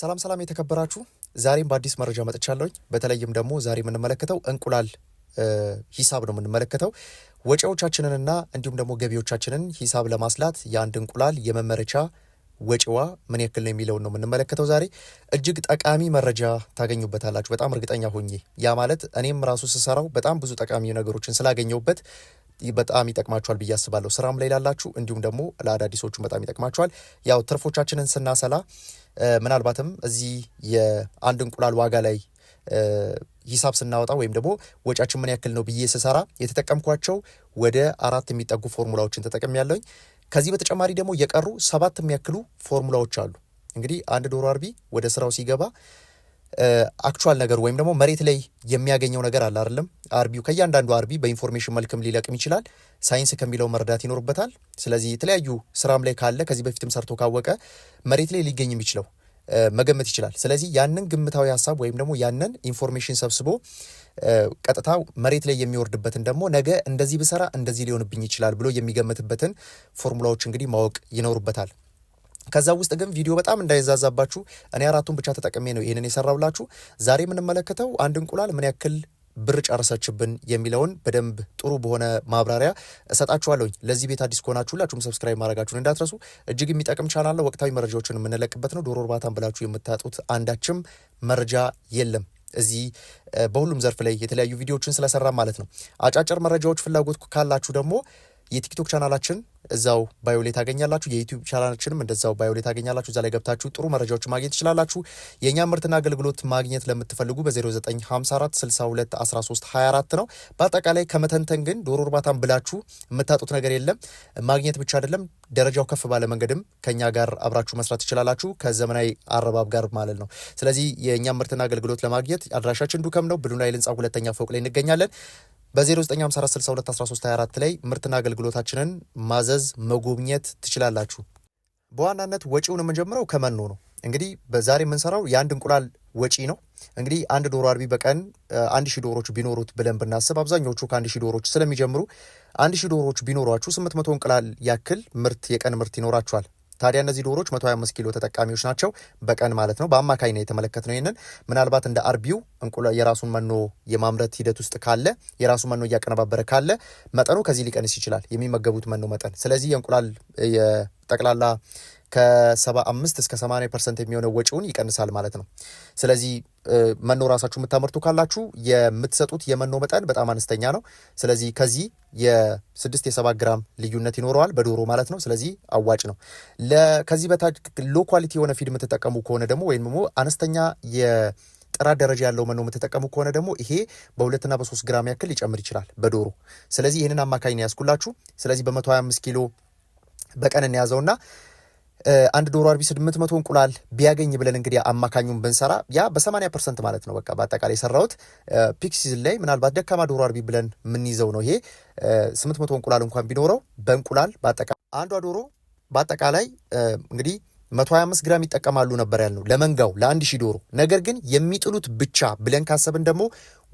ሰላም ሰላም የተከበራችሁ ዛሬም በአዲስ መረጃ መጥቻለሁኝ። በተለይም ደግሞ ዛሬ የምንመለከተው እንቁላል ሂሳብ ነው የምንመለከተው ወጪዎቻችንንና እንዲሁም ደግሞ ገቢዎቻችንን ሂሳብ ለማስላት የአንድ እንቁላል የመመረቻ ወጪዋ ምን ያክል ነው የሚለውን ነው የምንመለከተው ዛሬ። እጅግ ጠቃሚ መረጃ ታገኙበታላችሁ በጣም እርግጠኛ ሆኜ። ያ ማለት እኔም ራሱ ስሰራው በጣም ብዙ ጠቃሚ ነገሮችን ስላገኘሁበት በጣም ይጠቅማችኋል ብዬ አስባለሁ። ስራም ላይ ላላችሁ እንዲሁም ደግሞ ለአዳዲሶቹ በጣም ይጠቅማችኋል። ያው ትርፎቻችንን ስናሰላ ምናልባትም እዚህ የአንድ እንቁላል ዋጋ ላይ ሂሳብ ስናወጣ ወይም ደግሞ ወጫችን ምን ያክል ነው ብዬ ስሰራ የተጠቀምኳቸው ወደ አራት የሚጠጉ ፎርሙላዎችን ተጠቅም ያለውኝ። ከዚህ በተጨማሪ ደግሞ የቀሩ ሰባት የሚያክሉ ፎርሙላዎች አሉ። እንግዲህ አንድ ዶሮ አርቢ ወደ ስራው ሲገባ አክቹዋል ነገር ወይም ደግሞ መሬት ላይ የሚያገኘው ነገር አለ አይደለም። አርቢው ከእያንዳንዱ አርቢ በኢንፎርሜሽን መልክም ሊለቅም ይችላል። ሳይንስ ከሚለው መረዳት ይኖርበታል። ስለዚህ የተለያዩ ስራም ላይ ካለ ከዚህ በፊትም ሰርቶ ካወቀ መሬት ላይ ሊገኝ የሚችለው መገመት ይችላል። ስለዚህ ያንን ግምታዊ ሀሳብ ወይም ደግሞ ያንን ኢንፎርሜሽን ሰብስቦ ቀጥታ መሬት ላይ የሚወርድበትን ደግሞ ነገ እንደዚህ ብሰራ እንደዚህ ሊሆንብኝ ይችላል ብሎ የሚገምትበትን ፎርሙላዎች እንግዲህ ማወቅ ይኖርበታል። ከዛ ውስጥ ግን ቪዲዮ በጣም እንዳይዛዛባችሁ እኔ አራቱን ብቻ ተጠቅሜ ነው ይህንን የሰራውላችሁ። ዛሬ የምንመለከተው አንድ እንቁላል ምን ያክል ብር ጨረሰችብን የሚለውን በደንብ ጥሩ በሆነ ማብራሪያ እሰጣችኋለሁኝ። ለዚህ ቤት አዲስ ከሆናችሁ ሁላችሁም ሰብስክራይብ ማድረጋችሁን እንዳትረሱ። እጅግ የሚጠቅም ቻናል ወቅታዊ መረጃዎችን የምንለቅበት ነው። ዶሮ እርባታን ብላችሁ የምታጡት አንዳችም መረጃ የለም። እዚህ በሁሉም ዘርፍ ላይ የተለያዩ ቪዲዮዎችን ስለሰራ ማለት ነው። አጫጭር መረጃዎች ፍላጎት ካላችሁ ደግሞ የቲክቶክ ቻናላችን እዛው ባዮ ላይ ታገኛላችሁ። የዩቲዩብ ቻናላችንም እንደዛው ባዮ ላይ ታገኛላችሁ። እዛ ላይ ገብታችሁ ጥሩ መረጃዎች ማግኘት ትችላላችሁ። የእኛ ምርትና አገልግሎት ማግኘት ለምትፈልጉ በ0954 62 13 24 ነው። በአጠቃላይ ከመተንተን ግን ዶሮ እርባታን ብላችሁ የምታጡት ነገር የለም። ማግኘት ብቻ አይደለም ደረጃው ከፍ ባለ መንገድም ከኛ ጋር አብራችሁ መስራት ትችላላችሁ፣ ከዘመናዊ አረባብ ጋር ማለት ነው። ስለዚህ የእኛ ምርትና አገልግሎት ለማግኘት አድራሻችን ዱከም ነው፣ ብሉ ናይል ህንፃ ሁለተኛ ፎቅ ላይ እንገኛለን። በ0954 62 13 24 ላይ ምርትና አገልግሎታችንን ማዘዝ መመዘዝ መጎብኘት ትችላላችሁ። በዋናነት ወጪውን የምንጀምረው ከመኖ ነው። እንግዲህ በዛሬ የምንሰራው የአንድ እንቁላል ወጪ ነው። እንግዲህ አንድ ዶሮ አርቢ በቀን አንድ ሺህ ዶሮች ቢኖሩት ብለን ብናስብ አብዛኞቹ ከአንድ ሺህ ዶሮች ስለሚጀምሩ አንድ ሺህ ዶሮች ቢኖሯችሁ ስምንት መቶ እንቁላል ያክል ምርት የቀን ምርት ይኖራችኋል። ታዲያ እነዚህ ዶሮዎች 125 ኪሎ ተጠቃሚዎች ናቸው በቀን ማለት ነው። በአማካኝ ነው የተመለከትነው። ይህንን ምናልባት እንደ አርቢው እንቁላል የራሱን መኖ የማምረት ሂደት ውስጥ ካለ የራሱን መኖ እያቀነባበረ ካለ መጠኑ ከዚህ ሊቀንስ ይችላል፣ የሚመገቡት መኖ መጠን። ስለዚህ የእንቁላል ጠቅላላ ከ75 እስከ 80 ፐርሰንት የሚሆነው ወጪውን ይቀንሳል ማለት ነው። ስለዚህ መኖ ራሳችሁ የምታመርቱ ካላችሁ የምትሰጡት የመኖ መጠን በጣም አነስተኛ ነው። ስለዚህ ከዚህ የስድስት የሰባት ግራም ልዩነት ይኖረዋል በዶሮ ማለት ነው። ስለዚህ አዋጭ ነው። ከዚህ በታች ሎ ኳሊቲ የሆነ ፊድ የምትጠቀሙ ከሆነ ደግሞ ወይም ደግሞ አነስተኛ ጥራት ደረጃ ያለው መኖ የምትጠቀሙ ከሆነ ደግሞ ይሄ በሁለትና በሶስት ግራም ያክል ሊጨምር ይችላል በዶሮ። ስለዚህ ይህንን አማካኝ ነው ያስኩላችሁ። ስለዚህ በ125 ኪሎ በቀን እንያዘውና አንድ ዶሮ አርቢ 800 እንቁላል ቢያገኝ ብለን እንግዲህ አማካኙን ብንሰራ ያ በ80 ፐርሰንት ማለት ነው። በቃ በአጠቃላይ የሰራሁት ፒክ ሲዝን ላይ ምናልባት ደካማ ዶሮ አርቢ ብለን የምንይዘው ነው። ይሄ 800 እንቁላል እንኳን ቢኖረው በእንቁላል በአጠቃላይ አንዷ ዶሮ በአጠቃላይ እንግዲህ 125 ግራም ይጠቀማሉ ነበር ያልነው ለመንጋው ለአንድ ሺህ ዶሮ። ነገር ግን የሚጥሉት ብቻ ብለን ካሰብን ደግሞ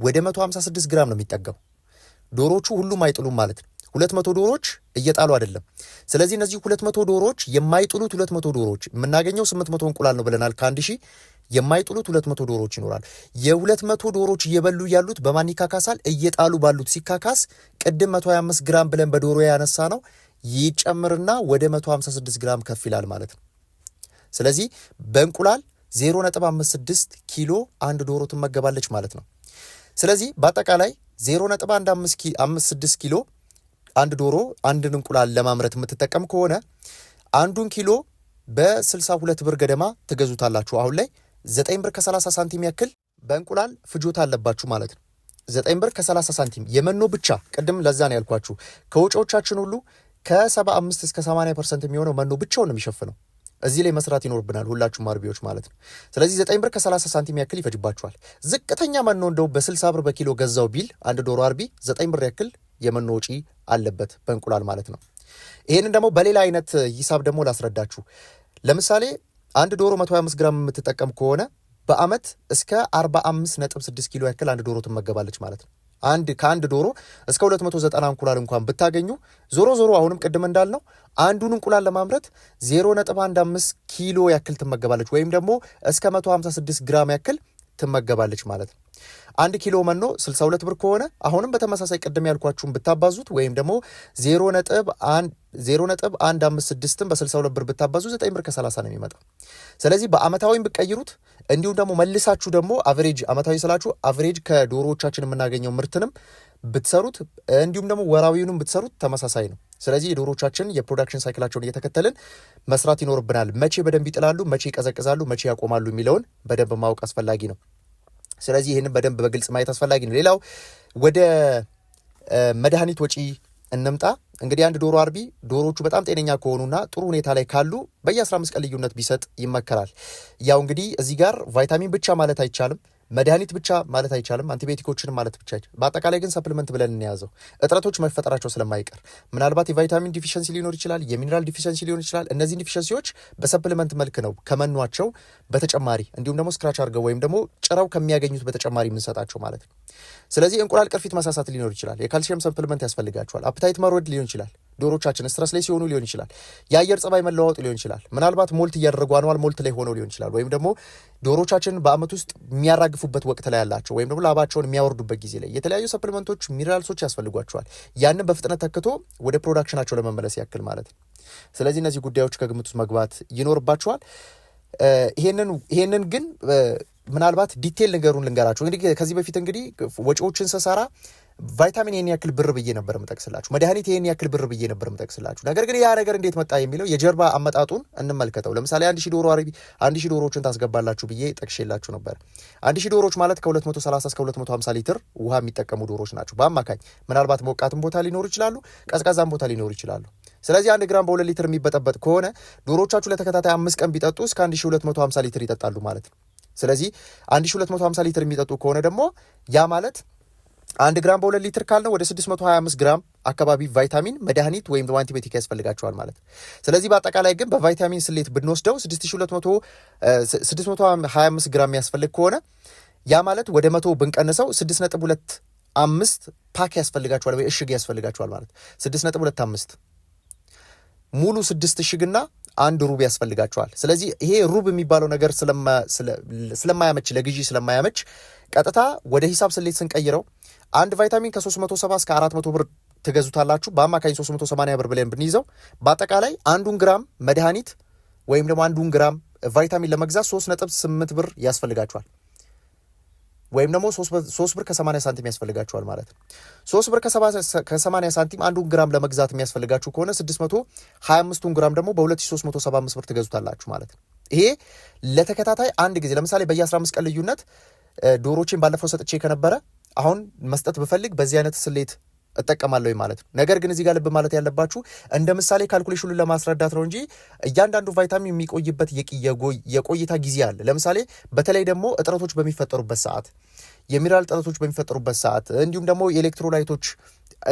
ወደ 156 ግራም ነው የሚጠገው። ዶሮቹ ሁሉም አይጥሉም ማለት ነው። ሁለት መቶ ዶሮዎች እየጣሉ አይደለም። ስለዚህ እነዚህ ሁለት መቶ ዶሮዎች የማይጥሉት ሁለት መቶ ዶሮዎች የምናገኘው ስምንት መቶ እንቁላል ነው ብለናል። ከአንድ ሺህ የማይጥሉት ሁለት መቶ ዶሮዎች ይኖራል። የሁለት መቶ ዶሮዎች እየበሉ ያሉት በማን ይካካሳል? እየጣሉ ባሉት ሲካካስ ቅድም መቶ ሀያ አምስት ግራም ብለን በዶሮ ያነሳ ነው ይጨምርና ወደ ስድስት ግራም ከፍ ይላል ማለት ነው። ስለዚህ በእንቁላል 0.56 ኪሎ አንድ ዶሮ ትመገባለች ማለት ነው። ስለዚህ በአጠቃላይ ስድስት ኪሎ አንድ ዶሮ አንድን እንቁላል ለማምረት የምትጠቀም ከሆነ አንዱን ኪሎ በ62 ብር ገደማ ትገዙታላችሁ። አሁን ላይ 9 ብር ከ30 ሳንቲም ያክል በእንቁላል ፍጆታ አለባችሁ ማለት ነው። 9 ብር ከ30 ሳንቲም የመኖ ብቻ ቅድም ለዛ ነው ያልኳችሁ። ከወጪዎቻችን ሁሉ ከ75 እስከ 80 ፐርሰንት የሚሆነው መኖ ብቻውን ነው የሚሸፍነው። እዚህ ላይ መስራት ይኖርብናል ሁላችሁም አርቢዎች ማለት ነው። ስለዚህ 9 ብር ከ30 ሳንቲም ያክል ይፈጅባችኋል። ዝቅተኛ መኖ እንደው በ60 ብር በኪሎ ገዛው ቢል አንድ ዶሮ አርቢ 9 ብር ያክል የመኖ ወጪ አለበት በእንቁላል ማለት ነው። ይህንን ደግሞ በሌላ አይነት ሂሳብ ደግሞ ላስረዳችሁ። ለምሳሌ አንድ ዶሮ 125 ግራም የምትጠቀም ከሆነ በአመት እስከ 45.6 ኪሎ ያክል አንድ ዶሮ ትመገባለች ማለት ነው። አንድ ከአንድ ዶሮ እስከ 290 እንቁላል እንኳን ብታገኙ ዞሮ ዞሮ አሁንም ቅድም እንዳልነው አንዱን እንቁላል ለማምረት 0.15 ኪሎ ያክል ትመገባለች ወይም ደግሞ እስከ 156 ግራም ያክል ትመገባለች ማለት ነው። አንድ ኪሎ መኖ 62 ብር ከሆነ አሁንም በተመሳሳይ ቅድም ያልኳችሁን ብታባዙት ወይም ደግሞ 0.156ን በ62 ብር ብታባዙ 9 ብር ከ30 ነው የሚመጣ። ስለዚህ በአመታዊም ብቀይሩት እንዲሁም ደግሞ መልሳችሁ ደግሞ አቨሬጅ አመታዊ ስላችሁ አቨሬጅ ከዶሮዎቻችን የምናገኘው ምርትንም ብትሰሩት እንዲሁም ደግሞ ወራዊውንም ብትሰሩት ተመሳሳይ ነው። ስለዚህ የዶሮቻችን የፕሮዳክሽን ሳይክላቸውን እየተከተልን መስራት ይኖርብናል። መቼ በደንብ ይጥላሉ፣ መቼ ይቀዘቅዛሉ፣ መቼ ያቆማሉ የሚለውን በደንብ ማወቅ አስፈላጊ ነው። ስለዚህ ይህንን በደንብ በግልጽ ማየት አስፈላጊ ነው። ሌላው ወደ መድኃኒት ወጪ እንምጣ። እንግዲህ አንድ ዶሮ አርቢ ዶሮዎቹ በጣም ጤነኛ ከሆኑና ጥሩ ሁኔታ ላይ ካሉ በየ15 ቀን ልዩነት ቢሰጥ ይመከራል። ያው እንግዲህ እዚህ ጋር ቫይታሚን ብቻ ማለት አይቻልም። መድኃኒት ብቻ ማለት አይቻልም፣ አንቲቢዮቲኮችን ማለት ብቻ በአጠቃላይ ግን ሰፕልመንት ብለን እንያዘው። እጥረቶች መፈጠራቸው ስለማይቀር ምናልባት የቫይታሚን ዲፊሸንሲ ሊኖር ይችላል፣ የሚኒራል ዲፊሸንሲ ሊሆን ይችላል። እነዚህን ዲፊሸንሲዎች በሰፕልመንት መልክ ነው ከመኗቸው በተጨማሪ እንዲሁም ደግሞ ስክራች አድርገው ወይም ደግሞ ጭረው ከሚያገኙት በተጨማሪ የምንሰጣቸው ማለት ነው። ስለዚህ እንቁላል ቅርፊት መሳሳት ሊኖር ይችላል፣ የካልሲየም ሰፕልመንት ያስፈልጋቸዋል። አፕታይት መሮድ ሊሆን ይችላል። ዶሮቻችን ስትረስ ላይ ሲሆኑ ሊሆን ይችላል። የአየር ጸባይ መለዋወጥ ሊሆን ይችላል። ምናልባት ሞልት እያደረጉ አኗል ሞልት ላይ ሆነው ሊሆን ይችላል። ወይም ደግሞ ዶሮቻችን በአመት ውስጥ የሚያራግፉበት ወቅት ላይ ያላቸው ወይም ደግሞ ላባቸውን የሚያወርዱበት ጊዜ ላይ የተለያዩ ሰፕሊመንቶች፣ ሚነራልሶች ያስፈልጓቸዋል። ያንን በፍጥነት ተክቶ ወደ ፕሮዳክሽናቸው ለመመለስ ያክል ማለት ነው። ስለዚህ እነዚህ ጉዳዮች ከግምት ውስጥ መግባት ይኖርባቸዋል። ይሄንን ግን ምናልባት ዲቴል ነገሩን ልንገራቸው እንግዲህ ከዚህ በፊት እንግዲህ ወጪዎችን ስሰራ ቫይታሚን ይህን ያክል ብር ብዬ ነበር የምጠቅስላችሁ፣ መድኃኒት ይህን ያክል ብር ብዬ ነበር የምጠቅስላችሁ። ነገር ግን ያ ነገር እንዴት መጣ የሚለው የጀርባ አመጣጡን እንመልከተው። ለምሳሌ አንድ ሺህ ዶሮ አረቢ አንድ ሺህ ዶሮዎችን ታስገባላችሁ ብዬ ጠቅሼላችሁ ነበር። አንድ ሺህ ዶሮዎች ማለት ከ230 እስከ 250 ሊትር ውሃ የሚጠቀሙ ዶሮዎች ናቸው በአማካኝ። ምናልባት ሞቃትም ቦታ ሊኖሩ ይችላሉ፣ ቀዝቃዛም ቦታ ሊኖሩ ይችላሉ። ስለዚህ አንድ ግራም በሁለት ሊትር የሚበጠበጥ ከሆነ ዶሮቻችሁ ለተከታታይ አምስት ቀን ቢጠጡ እስከ 1250 ሊትር ይጠጣሉ ማለት ነው። ስለዚህ 1250 ሊትር የሚጠጡ ከሆነ ደግሞ ያ ማለት አንድ ግራም በሁለት ሊትር ካልነው ወደ 625 ግራም አካባቢ ቫይታሚን መድኃኒት ወይም አንቲባዮቲክ ያስፈልጋቸዋል ማለት። ስለዚህ በአጠቃላይ ግን በቫይታሚን ስሌት ብንወስደው 625 ግራም የሚያስፈልግ ከሆነ ያ ማለት ወደ መቶ ብንቀንሰው 625 ፓክ ያስፈልጋቸዋል ወይ እሽግ ያስፈልጋቸዋል ማለት 6.25 ሙሉ ስድስት እሽግና አንድ ሩብ ያስፈልጋቸዋል። ስለዚህ ይሄ ሩብ የሚባለው ነገር ስለማያመች ለግዢ ስለማያመች ቀጥታ ወደ ሂሳብ ስሌት ስንቀይረው አንድ ቫይታሚን ከ370 እስከ 400 ብር ትገዙታላችሁ። በአማካኝ 380 ብር ብለን ብንይዘው በአጠቃላይ አንዱን ግራም መድኃኒት ወይም ደግሞ አንዱን ግራም ቫይታሚን ለመግዛት 3.8 ብር ያስፈልጋችኋል ወይም ደግሞ 3 ብር ከ80 ሳንቲም ያስፈልጋችኋል ማለት ነው። 3 ብር ከ80 ሳንቲም አንዱን ግራም ለመግዛት የሚያስፈልጋችሁ ከሆነ 625ቱን ግራም ደግሞ በ2375 ብር ትገዙታላችሁ ማለት ነው። ይሄ ለተከታታይ አንድ ጊዜ ለምሳሌ በየ15 ቀን ልዩነት ዶሮችን ባለፈው ሰጥቼ ከነበረ አሁን መስጠት ብፈልግ በዚህ አይነት ስሌት እጠቀማለሁ ማለት ነው። ነገር ግን እዚህ ጋር ልብ ማለት ያለባችሁ እንደ ምሳሌ ካልኩሌሽኑን ለማስረዳት ነው እንጂ እያንዳንዱ ቫይታሚን የሚቆይበት የቆይታ ጊዜ አለ። ለምሳሌ በተለይ ደግሞ እጥረቶች በሚፈጠሩበት ሰዓት የሚራል እጥረቶች በሚፈጠሩበት ሰዓት እንዲሁም ደግሞ የኤሌክትሮላይቶች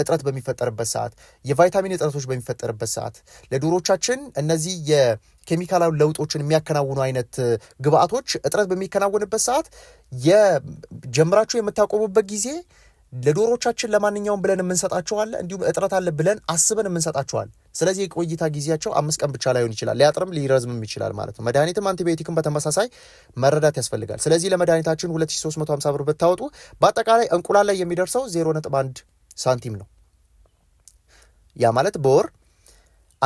እጥረት በሚፈጠርበት ሰዓት፣ የቫይታሚን እጥረቶች በሚፈጠርበት ሰዓት ለዶሮቻችን እነዚህ የኬሚካላዊ ለውጦችን የሚያከናውኑ አይነት ግብአቶች እጥረት በሚከናወንበት ሰዓት የጀምራችሁ የምታቆሙበት ጊዜ ለዶሮቻችን ለማንኛውም ብለን የምንሰጣቸዋል። እንዲሁም እጥረት አለ ብለን አስበን የምንሰጣቸዋል። ስለዚህ የቆይታ ጊዜያቸው አምስት ቀን ብቻ ላይሆን ይችላል፣ ሊያጥርም ሊረዝምም ይችላል ማለት ነው። መድኃኒትም አንቲቢዮቲክም በተመሳሳይ መረዳት ያስፈልጋል። ስለዚህ ለመድኃኒታችን 2350 ብር ብታወጡ በአጠቃላይ እንቁላል ላይ የሚደርሰው 0.1 ሳንቲም ነው። ያ ማለት በወር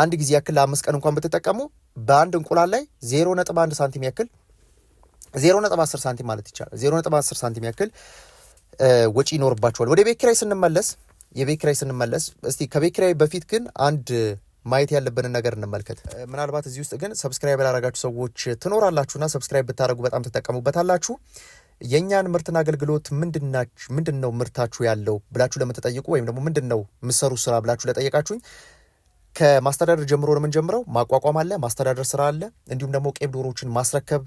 አንድ ጊዜ ያክል ለአምስት ቀን እንኳን ብትጠቀሙ በአንድ እንቁላል ላይ ዜሮ ነጥብ አንድ ሳንቲም ያክል ዜሮ ነጥብ አስር ሳንቲም ማለት ይቻላል ዜሮ ነጥብ አስር ሳንቲም ያክል ወጪ ይኖርባቸዋል። ወደ ቤት ኪራይ ስንመለስ የቤት ኪራይ ስንመለስ እስቲ ከቤት ኪራይ በፊት ግን አንድ ማየት ያለብንን ነገር እንመልከት። ምናልባት እዚህ ውስጥ ግን ሰብስክራይብ ያላረጋችሁ ሰዎች ትኖራላችሁና ሰብስክራይብ ብታደረጉ በጣም ትጠቀሙበታላችሁ። የእኛን ምርትና አገልግሎት ምንድን ነው ምርታችሁ ያለው ብላችሁ ለምትጠይቁ ወይም ደግሞ ምንድን ነው የምሰሩ ስራ ብላችሁ ለጠየቃችሁኝ ከማስተዳደር ጀምሮ ነው የምንጀምረው። ማቋቋም አለ፣ ማስተዳደር ስራ አለ፣ እንዲሁም ደግሞ ቄብ ዶሮዎችን ማስረከብ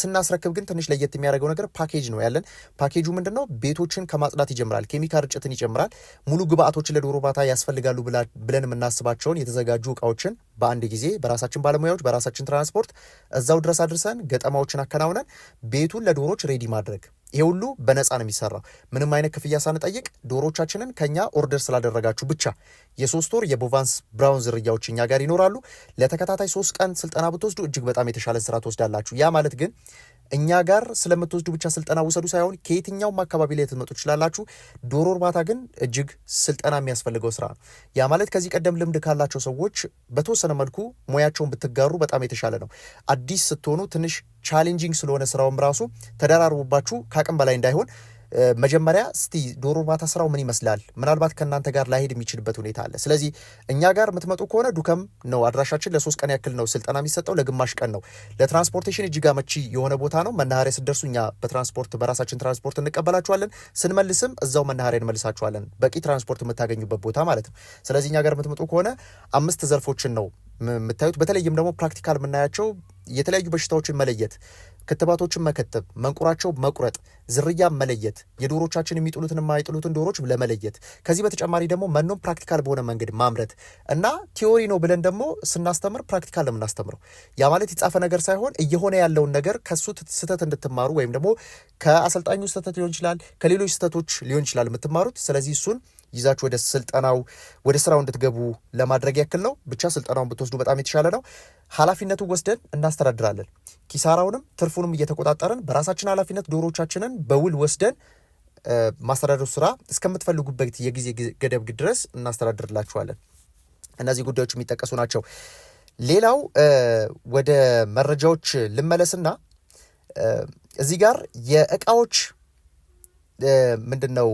ስናስረክብ ግን ትንሽ ለየት የሚያደርገው ነገር ፓኬጅ ነው ያለን። ፓኬጁ ምንድን ነው? ቤቶችን ከማጽዳት ይጀምራል፣ ኬሚካል ርጭትን ይጀምራል። ሙሉ ግብአቶችን ለዶሮ እርባታ ያስፈልጋሉ ብለን የምናስባቸውን የተዘጋጁ እቃዎችን በአንድ ጊዜ በራሳችን ባለሙያዎች በራሳችን ትራንስፖርት እዛው ድረስ አድርሰን ገጠማዎችን አከናውነን ቤቱን ለዶሮች ሬዲ ማድረግ። ይሄ ሁሉ በነፃ ነው የሚሰራው። ምንም አይነት ክፍያ ሳንጠይቅ ዶሮቻችንን ከኛ ኦርደር ስላደረጋችሁ ብቻ የሶስት ወር የቦቫንስ ብራውን ዝርያዎች እኛ ጋር ይኖራሉ። ለተከታታይ ሶስት ቀን ስልጠና ብትወስዱ እጅግ በጣም የተሻለ ስራ ትወስዳላችሁ። ያ ማለት ግን እኛ ጋር ስለምትወስዱ ብቻ ስልጠና ውሰዱ ሳይሆን ከየትኛውም አካባቢ ላይ ትመጡ ትችላላችሁ። ዶሮ እርባታ ግን እጅግ ስልጠና የሚያስፈልገው ስራ ነው። ያ ማለት ከዚህ ቀደም ልምድ ካላቸው ሰዎች በተወሰነ መልኩ ሙያቸውን ብትጋሩ በጣም የተሻለ ነው። አዲስ ስትሆኑ ትንሽ ቻሌንጂንግ ስለሆነ ስራውም ራሱ ተደራርቡባችሁ ከአቅም በላይ እንዳይሆን መጀመሪያ እስቲ ዶሮ እርባታ ስራው ምን ይመስላል፣ ምናልባት ከእናንተ ጋር ላይሄድ የሚችልበት ሁኔታ አለ። ስለዚህ እኛ ጋር የምትመጡ ከሆነ ዱከም ነው አድራሻችን። ለሶስት ቀን ያክል ነው ስልጠና የሚሰጠው፣ ለግማሽ ቀን ነው። ለትራንስፖርቴሽን እጅግ አመቺ የሆነ ቦታ ነው። መናኸሪያ ስትደርሱ እኛ በትራንስፖርት በራሳችን ትራንስፖርት እንቀበላችኋለን። ስንመልስም እዛው መናኸሪያ እንመልሳችኋለን። በቂ ትራንስፖርት የምታገኙበት ቦታ ማለት ነው። ስለዚህ እኛ ጋር የምትመጡ ከሆነ አምስት ዘርፎችን ነው የምታዩት። በተለይም ደግሞ ፕራክቲካል የምናያቸው የተለያዩ በሽታዎችን መለየት ክትባቶችን መከተብ፣ መንቁራቸው መቁረጥ፣ ዝርያ መለየት፣ የዶሮቻችን የሚጥሉትን የማይጥሉትን ዶሮች ለመለየት ከዚህ በተጨማሪ ደግሞ መኖን ፕራክቲካል በሆነ መንገድ ማምረት እና ቲዮሪ ነው ብለን ደግሞ ስናስተምር ፕራክቲካል ነው የምናስተምረው። ያ ማለት የጻፈ ነገር ሳይሆን እየሆነ ያለውን ነገር ከሱ ስህተት እንድትማሩ ወይም ደግሞ ከአሰልጣኙ ስህተት ሊሆን ይችላል፣ ከሌሎች ስህተቶች ሊሆን ይችላል የምትማሩት። ስለዚህ እሱን ይዛችሁ ወደ ስልጠናው ወደ ስራው እንድትገቡ ለማድረግ ያክል ነው። ብቻ ስልጠናውን ብትወስዱ በጣም የተሻለ ነው። ኃላፊነቱ ወስደን እናስተዳድራለን። ኪሳራውንም ትርፉንም እየተቆጣጠርን በራሳችን ኃላፊነት ዶሮቻችንን በውል ወስደን ማስተዳደሩ ስራ እስከምትፈልጉበት የጊዜ ገደብ ድረስ እናስተዳድርላችኋለን። እነዚህ ጉዳዮች የሚጠቀሱ ናቸው። ሌላው ወደ መረጃዎች ልመለስና እዚህ ጋር የእቃዎች ምንድን ነው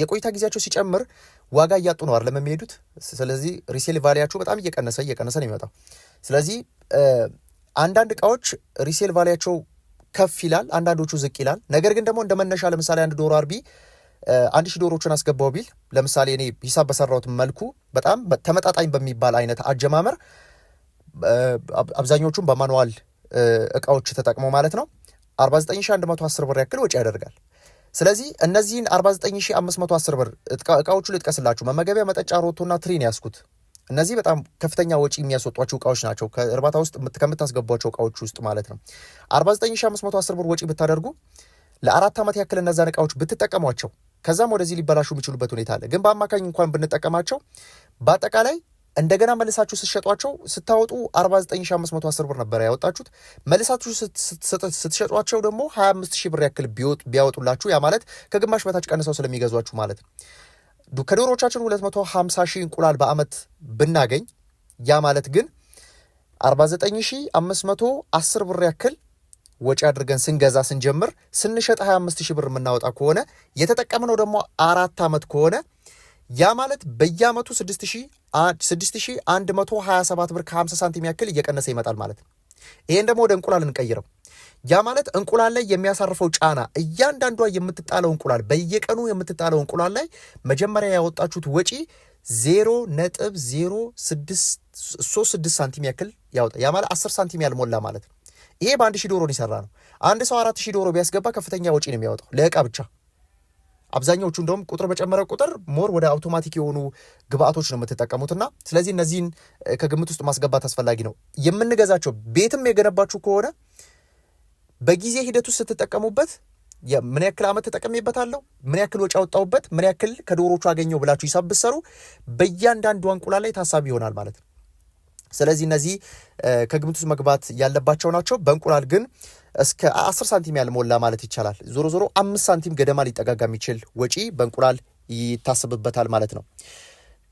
የቆይታ ጊዜያቸው ሲጨምር ዋጋ እያጡ ነው አይደለም የሚሄዱት። ስለዚህ ሪሴል ቫሊያቸው በጣም እየቀነሰ እየቀነሰ ነው የሚመጣው። ስለዚህ አንዳንድ እቃዎች ሪሴል ቫሊያቸው ከፍ ይላል፣ አንዳንዶቹ ዝቅ ይላል። ነገር ግን ደግሞ እንደ መነሻ ለምሳሌ አንድ ዶሮ አርቢ አንድ ሺህ ዶሮዎችን አስገባው ቢል ለምሳሌ እኔ ሂሳብ በሰራሁት መልኩ በጣም ተመጣጣኝ በሚባል አይነት አጀማመር አብዛኞቹን በማንዋል እቃዎች ተጠቅሞ ማለት ነው 49110 ብር ያክል ወጪ ያደርጋል። ስለዚህ እነዚህን 49510 ብር እቃዎቹ ልጥቀስላችሁ፣ መመገቢያ፣ መጠጫ፣ ሮቶና ትሪን ያስኩት። እነዚህ በጣም ከፍተኛ ወጪ የሚያስወጧቸው እቃዎች ናቸው። ከእርባታ ውስጥ ከምታስገቧቸው እቃዎች ውስጥ ማለት ነው። 49510 ብር ወጪ ብታደርጉ ለአራት ዓመት ያክል እነዛን እቃዎች ብትጠቀሟቸው ከዛም ወደዚህ ሊበላሹ የሚችሉበት ሁኔታ አለ። ግን በአማካኝ እንኳን ብንጠቀማቸው በአጠቃላይ እንደገና መልሳችሁ ስትሸጧቸው ስታወጡ 49510 ብር ነበር ያወጣችሁት። መልሳችሁ ስትሸጧቸው ደግሞ 25000 ብር ያክል ቢያወጡላችሁ ያ ማለት ከግማሽ በታች ቀንሰው ስለሚገዟችሁ ማለት ነው። ከዶሮቻችን 250 ሺህ እንቁላል በአመት ብናገኝ ያ ማለት ግን 49510 ብር ያክል ወጪ አድርገን ስንገዛ ስንጀምር ስንሸጥ 25000 ብር የምናወጣ ከሆነ የተጠቀምነው ደግሞ አራት ዓመት ከሆነ ያ ማለት በየአመቱ 6127 ብር ከ50 ሳንቲም ያክል እየቀነሰ ይመጣል ማለት ነው። ይሄን ደግሞ ወደ እንቁላል እንቀይረው። ያ ማለት እንቁላል ላይ የሚያሳርፈው ጫና እያንዳንዷ የምትጣለው እንቁላል በየቀኑ የምትጣለው እንቁላል ላይ መጀመሪያ ያወጣችሁት ወጪ 0.036 ሳንቲም ያክል ያወጣ። ያ ማለት 10 ሳንቲም ያልሞላ ማለት ነው። ይሄ በአንድ ሺህ ዶሮን ይሰራ ነው። አንድ ሰው አራት ሺህ ዶሮ ቢያስገባ ከፍተኛ ወጪ ነው የሚያወጣው ለእቃ ብቻ አብዛኛዎቹ እንደውም ቁጥር በጨመረ ቁጥር ሞር ወደ አውቶማቲክ የሆኑ ግብአቶች ነው የምትጠቀሙትና ስለዚህ እነዚህን ከግምት ውስጥ ማስገባት አስፈላጊ ነው። የምንገዛቸው ቤትም የገነባችሁ ከሆነ በጊዜ ሂደት ውስጥ ስትጠቀሙበት ምን ያክል ዓመት ተጠቅሜበታለሁ፣ ምን ያክል ወጪ አወጣሁበት፣ ምን ያክል ከዶሮቹ አገኘው ብላችሁ ሂሳብ ብትሰሩ በእያንዳንዱ እንቁላል ላይ ታሳቢ ይሆናል ማለት ነው። ስለዚህ እነዚህ ከግምት ውስጥ መግባት ያለባቸው ናቸው። በእንቁላል ግን እስከ አስር ሳንቲም ያልሞላ ማለት ይቻላል። ዞሮ ዞሮ አምስት ሳንቲም ገደማ ሊጠጋጋ የሚችል ወጪ በእንቁላል ይታሰብበታል ማለት ነው።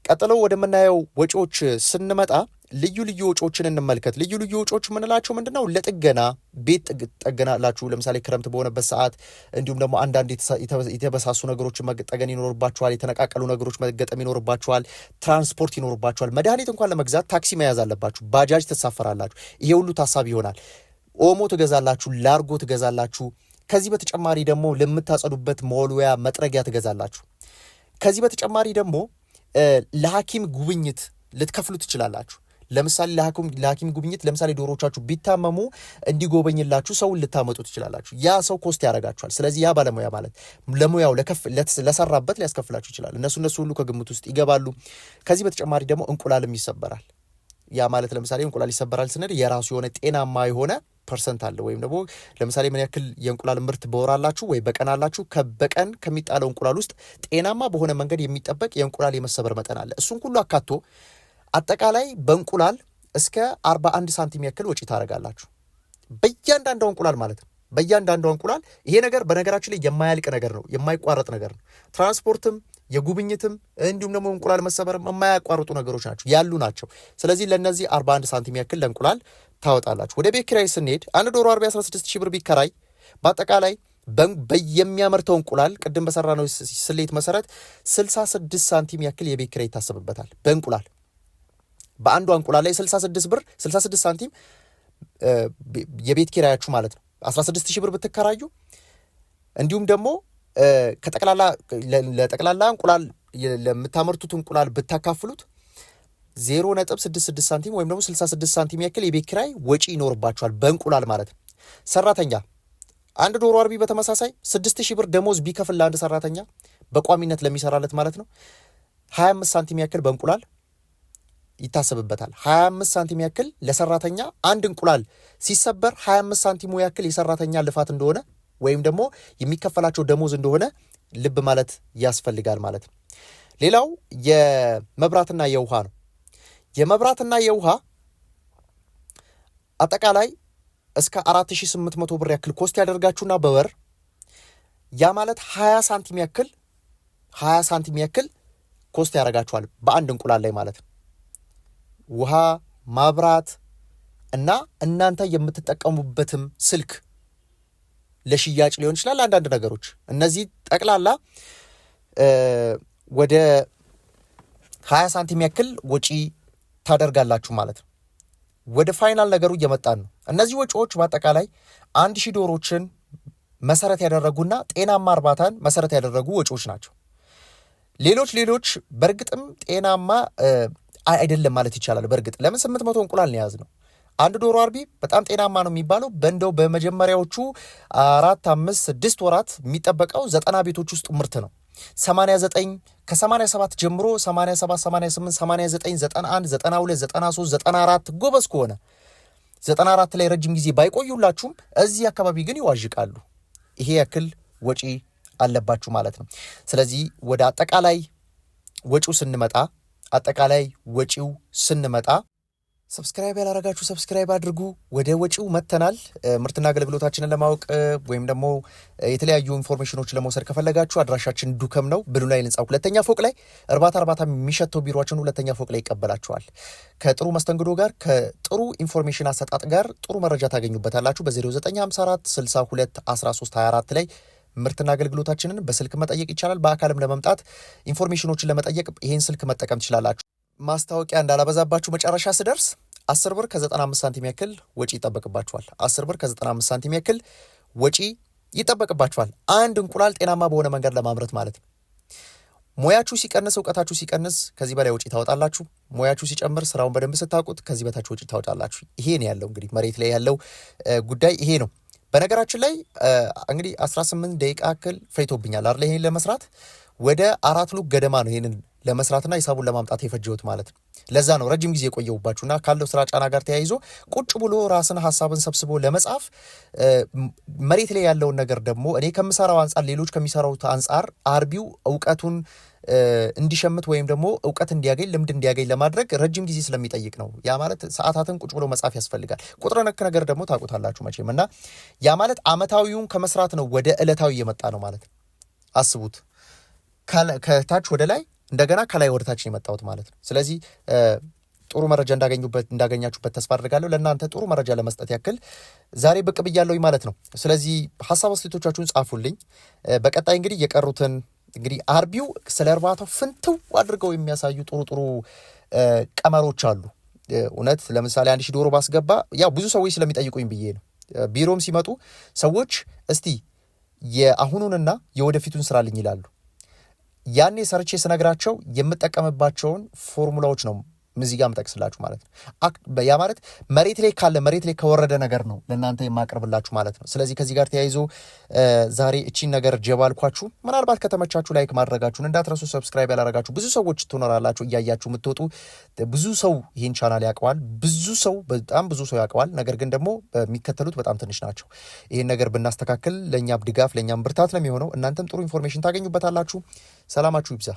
ቀጥሎ ወደምናየው ወጪዎች ስንመጣ ልዩ ልዩ ወጮችን እንመልከት። ልዩ ልዩ ወጪዎች የምንላቸው ምንድን ነው? ለጥገና ቤት ጠገናላችሁ፣ ለምሳሌ ክረምት በሆነበት ሰዓት፣ እንዲሁም ደግሞ አንዳንድ የተበሳሱ ነገሮችን መጠገን ይኖርባችኋል፣ የተነቃቀሉ ነገሮች መገጠም ይኖርባችኋል፣ ትራንስፖርት ይኖርባችኋል። መድኃኒት እንኳን ለመግዛት ታክሲ መያዝ አለባችሁ፣ ባጃጅ ትሳፈራላችሁ። ይሄ ሁሉ ታሳቢ ይሆናል። ኦሞ ትገዛላችሁ፣ ላርጎ ትገዛላችሁ። ከዚህ በተጨማሪ ደግሞ ለምታጸዱበት መወልወያ መጥረጊያ ትገዛላችሁ። ከዚህ በተጨማሪ ደግሞ ለሐኪም ጉብኝት ልትከፍሉ ትችላላችሁ። ለምሳሌ ለሐኪም ጉብኝት ለምሳሌ ዶሮቻችሁ ቢታመሙ እንዲጎበኝላችሁ ሰውን ልታመጡ ትችላላችሁ። ያ ሰው ኮስት ያደርጋችኋል። ስለዚህ ያ ባለሙያ ማለት ለሙያው ለሰራበት ሊያስከፍላችሁ ይችላል። እነሱ እነሱ ሁሉ ከግምት ውስጥ ይገባሉ። ከዚህ በተጨማሪ ደግሞ እንቁላልም ይሰበራል። ያ ማለት ለምሳሌ እንቁላል ይሰበራል ስንል የራሱ የሆነ ጤናማ የሆነ ፐርሰንት አለ ወይም ደግሞ ለምሳሌ ምን ያክል የእንቁላል ምርት በወር አላችሁ ወይ በቀን አላችሁ። በቀን ከሚጣለው እንቁላል ውስጥ ጤናማ በሆነ መንገድ የሚጠበቅ የእንቁላል የመሰበር መጠን አለ። እሱን ሁሉ አካቶ አጠቃላይ በእንቁላል እስከ 41 ሳንቲም ያክል ወጪ ታደርጋላችሁ። በእያንዳንዷ እንቁላል ማለት ነው። በእያንዳንዷ እንቁላል ይሄ ነገር በነገራችን ላይ የማያልቅ ነገር ነው፣ የማይቋረጥ ነገር ነው። ትራንስፖርትም የጉብኝትም እንዲሁም ደግሞ እንቁላል መሰበርም የማያቋርጡ ነገሮች ናቸው ያሉ ናቸው። ስለዚህ ለእነዚህ 41 ሳንቲም ያክል ለእንቁላል ታወጣላችሁ። ወደ ቤት ኪራይ ስንሄድ አንድ ዶሮ 416 ሺህ ብር ቢከራይ በአጠቃላይ በየሚያመርተው እንቁላል ቅድም በሰራነው ስሌት መሰረት 66 ሳንቲም ያክል የቤት ኪራይ ይታሰብበታል በእንቁላል በአንዷ እንቁላል ላይ 66 ብር 66 ሳንቲም የቤት ኪራያችሁ ማለት ነው 16 ሺህ ብር ብትከራዩ እንዲሁም ደግሞ ከጠቅላላ ለጠቅላላ እንቁላል ለምታመርቱት እንቁላል ብታካፍሉት 0.66 ሳንቲም ወይም ደግሞ 66 ሳንቲም ያክል የቤት ኪራይ ወጪ ይኖርባችኋል በእንቁላል ማለት ነው። ሰራተኛ አንድ ዶሮ አርቢ በተመሳሳይ 6000 ብር ደሞዝ ቢከፍል ለአንድ ሰራተኛ በቋሚነት ለሚሰራለት ማለት ነው 25 ሳንቲም ያክል በእንቁላል ይታሰብበታል። 25 ሳንቲም ያክል ለሰራተኛ አንድ እንቁላል ሲሰበር 25 ሳንቲሙ ያክል የሰራተኛ ልፋት እንደሆነ ወይም ደግሞ የሚከፈላቸው ደሞዝ እንደሆነ ልብ ማለት ያስፈልጋል ማለት ነው። ሌላው የመብራትና የውሃ ነው። የመብራትና የውሃ አጠቃላይ እስከ 4800 ብር ያክል ኮስት ያደርጋችሁና በወር ያ ማለት 20 ሳንቲም ያክል 20 ሳንቲም ያክል ኮስት ያደርጋችኋል በአንድ እንቁላል ላይ ማለት ነው። ውሃ፣ ማብራት እና እናንተ የምትጠቀሙበትም ስልክ ለሽያጭ ሊሆን ይችላል። አንዳንድ ነገሮች እነዚህ ጠቅላላ ወደ ሀያ ሳንቲም ያክል ወጪ ታደርጋላችሁ ማለት ነው። ወደ ፋይናል ነገሩ እየመጣን ነው። እነዚህ ወጪዎች በአጠቃላይ አንድ ሺህ ዶሮችን መሰረት ያደረጉና ጤናማ እርባታን መሰረት ያደረጉ ወጪዎች ናቸው። ሌሎች ሌሎች በእርግጥም ጤናማ አይደለም ማለት ይቻላል። በእርግጥ ለምን ስምንት መቶ እንቁላል ነው የያዝነው። አንድ ዶሮ አርቢ በጣም ጤናማ ነው የሚባለው በእንደው በመጀመሪያዎቹ አራት አምስት ስድስት ወራት የሚጠበቀው ዘጠና ቤቶች ውስጥ ምርት ነው 89 ከ87 ጀምሮ 87 88 89 91 92 93 94 ጎበዝ ከሆነ 94 ላይ ረጅም ጊዜ ባይቆዩላችሁም እዚህ አካባቢ ግን ይዋዥቃሉ። ይሄ ያክል ወጪ አለባችሁ ማለት ነው። ስለዚህ ወደ አጠቃላይ ወጪው ስንመጣ አጠቃላይ ወጪው ስንመጣ ሰብስክራይብ ያላረጋችሁ ሰብስክራይብ አድርጉ። ወደ ወጪው መተናል። ምርትና አገልግሎታችንን ለማወቅ ወይም ደግሞ የተለያዩ ኢንፎርሜሽኖች ለመውሰድ ከፈለጋችሁ አድራሻችን ዱከም ነው፣ ብሉናይል ህንፃ ሁለተኛ ፎቅ ላይ እርባታ እርባታ የሚሸተው ቢሮችን ሁለተኛ ፎቅ ላይ ይቀበላችኋል። ከጥሩ መስተንግዶ ጋር ከጥሩ ኢንፎርሜሽን አሰጣጥ ጋር ጥሩ መረጃ ታገኙበታላችሁ። በ0954 62 13 24 ላይ ምርትና አገልግሎታችንን በስልክ መጠየቅ ይቻላል። በአካልም ለመምጣት ኢንፎርሜሽኖችን ለመጠየቅ ይህን ስልክ መጠቀም ትችላላችሁ። ማስታወቂያ እንዳላበዛባችሁ መጨረሻ ስደርስ አስር ብር ከ95 ሳንቲም ያክል ወጪ ይጠበቅባችኋል። አስር ብር ከ95 ሳንቲም ያክል ወጪ ይጠበቅባችኋል። አንድ እንቁላል ጤናማ በሆነ መንገድ ለማምረት ማለት ነው። ሙያችሁ ሲቀንስ፣ እውቀታችሁ ሲቀንስ ከዚህ በላይ ወጪ ታወጣላችሁ። ሙያችሁ ሲጨምር፣ ስራውን በደንብ ስታውቁት ከዚህ በታች ወጪ ታወጣላችሁ። ይሄ ነው ያለው እንግዲህ መሬት ላይ ያለው ጉዳይ ይሄ ነው። በነገራችን ላይ እንግዲህ 18 ደቂቃ ያክል ፈይቶብኛል አይደል? ይሄን ለመስራት ወደ አራት ሉክ ገደማ ነው ይሄንን ለመስራትና ሂሳቡን ለማምጣት የፈጀሁት ማለት ነው። ለዛ ነው ረጅም ጊዜ የቆየሁባችሁና ካለው ስራ ጫና ጋር ተያይዞ ቁጭ ብሎ ራስን ሀሳብን ሰብስቦ ለመጻፍ መሬት ላይ ያለውን ነገር ደግሞ እኔ ከምሰራው አንጻር ሌሎች ከሚሰራው አንጻር አርቢው እውቀቱን እንዲሸምት ወይም ደግሞ እውቀት እንዲያገኝ ልምድ እንዲያገኝ ለማድረግ ረጅም ጊዜ ስለሚጠይቅ ነው። ያ ማለት ሰዓታትን ቁጭ ብሎ መጻፍ ያስፈልጋል። ቁጥር ነክ ነገር ደግሞ ታውቁታላችሁ መቼም እና ያ ማለት አመታዊውን ከመስራት ነው ወደ ዕለታዊ እየመጣ ነው ማለት አስቡት። ከታች ወደ ላይ እንደገና ከላይ ወደ ታችን የመጣሁት ማለት ነው። ስለዚህ ጥሩ መረጃ እንዳገኙበት እንዳገኛችሁበት ተስፋ አድርጋለሁ። ለእናንተ ጥሩ መረጃ ለመስጠት ያክል ዛሬ ብቅ ብያለሁኝ ማለት ነው። ስለዚህ ሀሳብ አስተያየቶቻችሁን ጻፉልኝ። በቀጣይ እንግዲህ የቀሩትን እንግዲህ አርቢው ስለ እርባታው ፍንትው አድርገው የሚያሳዩ ጥሩ ጥሩ ቀመሮች አሉ። እውነት ለምሳሌ አንድ ሺህ ዶሮ ባስገባ ያው ብዙ ሰዎች ስለሚጠይቁኝ ብዬ ነው። ቢሮም ሲመጡ ሰዎች እስቲ የአሁኑንና የወደፊቱን ስራልኝ ይላሉ። ያኔ ሰርቼ ስነግራቸው የምጠቀምባቸውን ፎርሙላዎች ነው እዚህ ጋር ምጠቅስላችሁ ማለት ነው። ያ ማለት መሬት ላይ ካለ መሬት ላይ ከወረደ ነገር ነው ለእናንተ የማቀርብላችሁ ማለት ነው። ስለዚህ ከዚህ ጋር ተያይዞ ዛሬ እቺን ነገር ጀባልኳችሁ። ምናልባት ከተመቻችሁ ላይክ ማድረጋችሁን እንዳትረሱ። ሰብስክራይብ ያላረጋችሁ ብዙ ሰዎች ትኖራላችሁ፣ እያያችሁ የምትወጡ ብዙ ሰው ይህን ቻናል ያውቀዋል። ብዙ ሰው በጣም ብዙ ሰው ያውቀዋል። ነገር ግን ደግሞ የሚከተሉት በጣም ትንሽ ናቸው። ይህን ነገር ብናስተካክል ለእኛም ድጋፍ ለእኛም ብርታት ነው የሚሆነው። እናንተም ጥሩ ኢንፎርሜሽን ታገኙበታላችሁ። ሰላማችሁ ይብዛ።